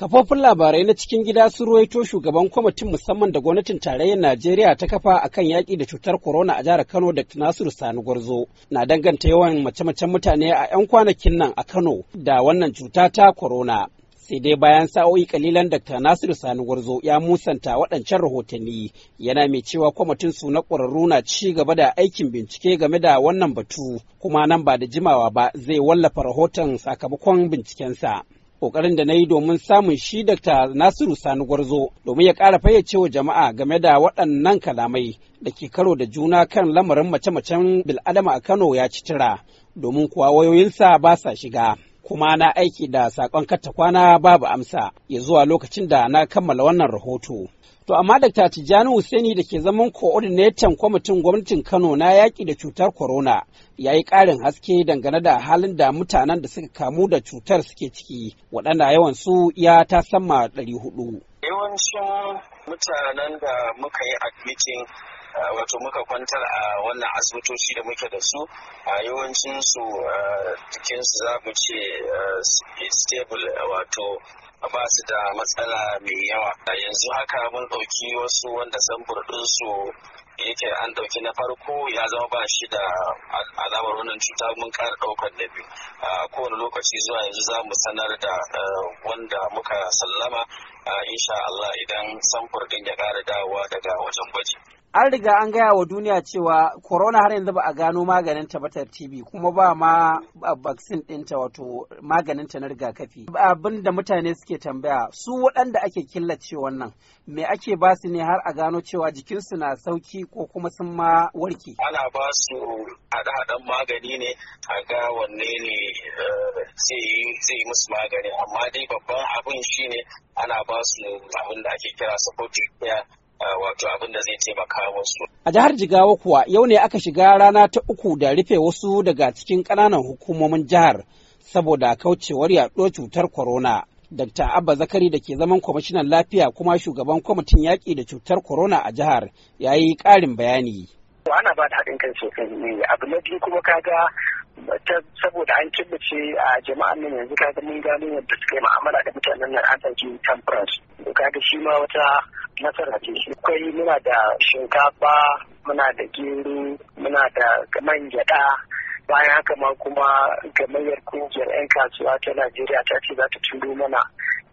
Kafofin labarai na cikin gida sun ruwaito shugaban kwamitin musamman da gwamnatin tarayyar Najeriya ta kafa akan yaƙi da cutar corona a jihar Kano da Nasiru Sani Gwarzo na danganta yawan mace-macen mutane a 'yan kwanakin nan a Kano da wannan cuta ta corona. Sai dai bayan sa'o'i kalilan Dr. Nasiru Sani Gwarzo ya musanta waɗancan rahotanni yana mai cewa kwamitin su na ƙwararru na ci gaba da aikin bincike game da wannan batu kuma nan ba da jimawa ba zai wallafa rahoton sakamakon bincikensa. kokarin da na yi domin samun shi Dr. Nasiru Sani Gwarzo domin ya ƙara fayyace wa jama'a game da waɗannan kalamai da ke karo da juna kan lamarin mace-macen bil'adama a Kano ya ci tira domin kuwa wayoyinsa ba sa shiga. kuma na aiki da sakon katta kwana babu amsa ya zuwa lokacin da na kammala wannan rahoto. To amma Dr. Tijjani Hussaini da ke zaman coordinator kwamitin gwamnatin Kano na yaƙi da cutar corona ya yi ƙarin haske dangane da halin da mutanen da suka kamu da cutar suke ciki waɗanda yawan su ya ta sama ɗari hudu. Yawancin mutanen da muka yi admitin wato muka kwantar a wannan asibitoci da muke da su a yawancin su jikinsu za mu ce stable wato ba su da matsala mai yawa yanzu haka mun ɗauki wasu wanda sambur ɗinsu yake an ɗauki na farko ya zama ba shi da alamar wannan cuta mun ƙara ɗaukar na biyu a kowane lokaci zuwa yanzu za mu sanar da wanda muka sallama insha Allah idan samfur ɗin ya ƙara dawowa daga wajen gwaji. an riga an gaya wa duniya cewa corona har yanzu ba a gano maganin ta batar tb kuma ba ma vaccine ɗinta wato maganin ta na rigakafi abin da mutane suke tambaya su waɗanda ake killace wannan me ake ba su ne har a gano cewa jikinsu na sauki ko kuma sun ma warke ana ba su haɗe-haɗen magani ne a ga wanne ne eh, zai yi musu magani amma dai babban abin shine ana ba su abin da ake kira supportive care wato abin da zai taimaka wasu. A jihar Jigawa kuwa yau ne aka shiga rana ta uku da rufe wasu daga cikin ƙananan hukumomin jihar saboda kaucewar yaɗo cutar corona. Dr. Abba Zakari da ke zaman kwamishinan lafiya kuma shugaban kwamitin yaƙi da cutar corona a jihar ya yi ƙarin bayani. Ana ba da haɗin kan sosai abu na biyu kuma kaga saboda an killace a jama'an nan yanzu kaga mun gano yadda suka yi ma'amala da mutanen nan an ɗauki temperance. Kaga shi ma wata nasara ce shi kai muna da shinkafa muna da gero muna da man gyaɗa bayan haka ma kuma gamayyar kungiyar 'yan kasuwa ta najeriya ta ce za ta turo mana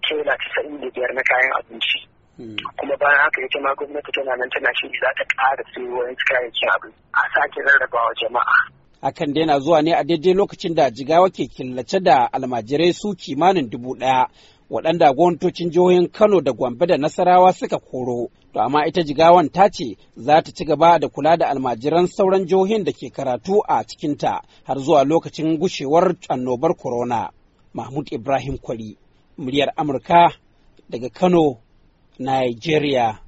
kela casa'in da biyar na kayan abinci hmm. kuma bayan haka ita ma gwamnati tana nan tana shi za ta ƙara siyo wani kayayyakin abu a sake rarrabawa jama'a hakan dai na zuwa ne a daidai lokacin da jigawa ke killace da almajirai su kimanin dubu ɗaya waɗanda gwamnatocin jihohin Kano da Gombe da Nasarawa suka koro. To amma ita jigawan ta ce za ta ci gaba da kula da almajiran sauran jihohin da ke karatu a cikinta har zuwa lokacin gushewar annobar corona. Mahmud Ibrahim Kwari, muryar Amurka daga Kano, Nigeria.